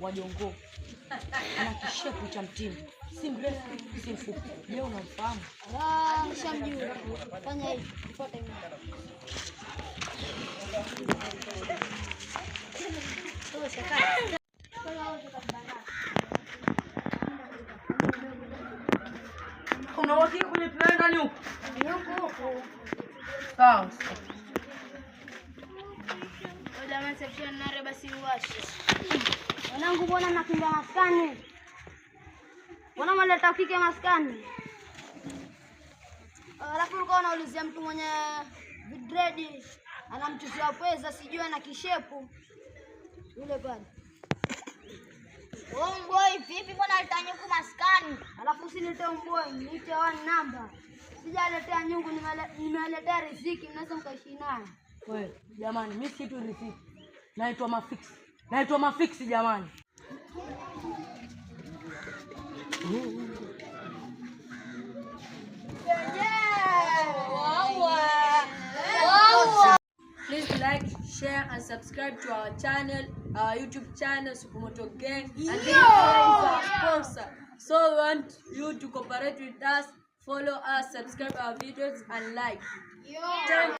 wa Jongoo ana kishepu cha mtindo, si mrefu si mfupi. Je, unamfahamu? Nishamjua. Fanya hivi, fuata hivi. Unawaki kwenye play ndani huko? Huko. Sawa. Jamani, sasa tunare basi uache. wangu, mbona nakinga maskani? Mbona maleta kike maskani? Ah, alafu ulikuwa unaulizia mtu mwenye ana vidredi anamtuzia pesa, sijui ana kishepu yule pale. Umboi vipi? Mbona leta nyungu maskani? Alafu usilete umboi, niite one number. Sijaletea nyungu, nimeletea riziki, mnaweza mkaishi naye. Wewe jamani, mimi situ riziki, naitwa mafiksi, naitwa mafiksi jamani. Please like, share and subscribe to our channel, our YouTube channel, Sukumoto Gang. And this is our sponsor. So we want you to cooperate with us, follow us, subscribe our videos and like. Yo.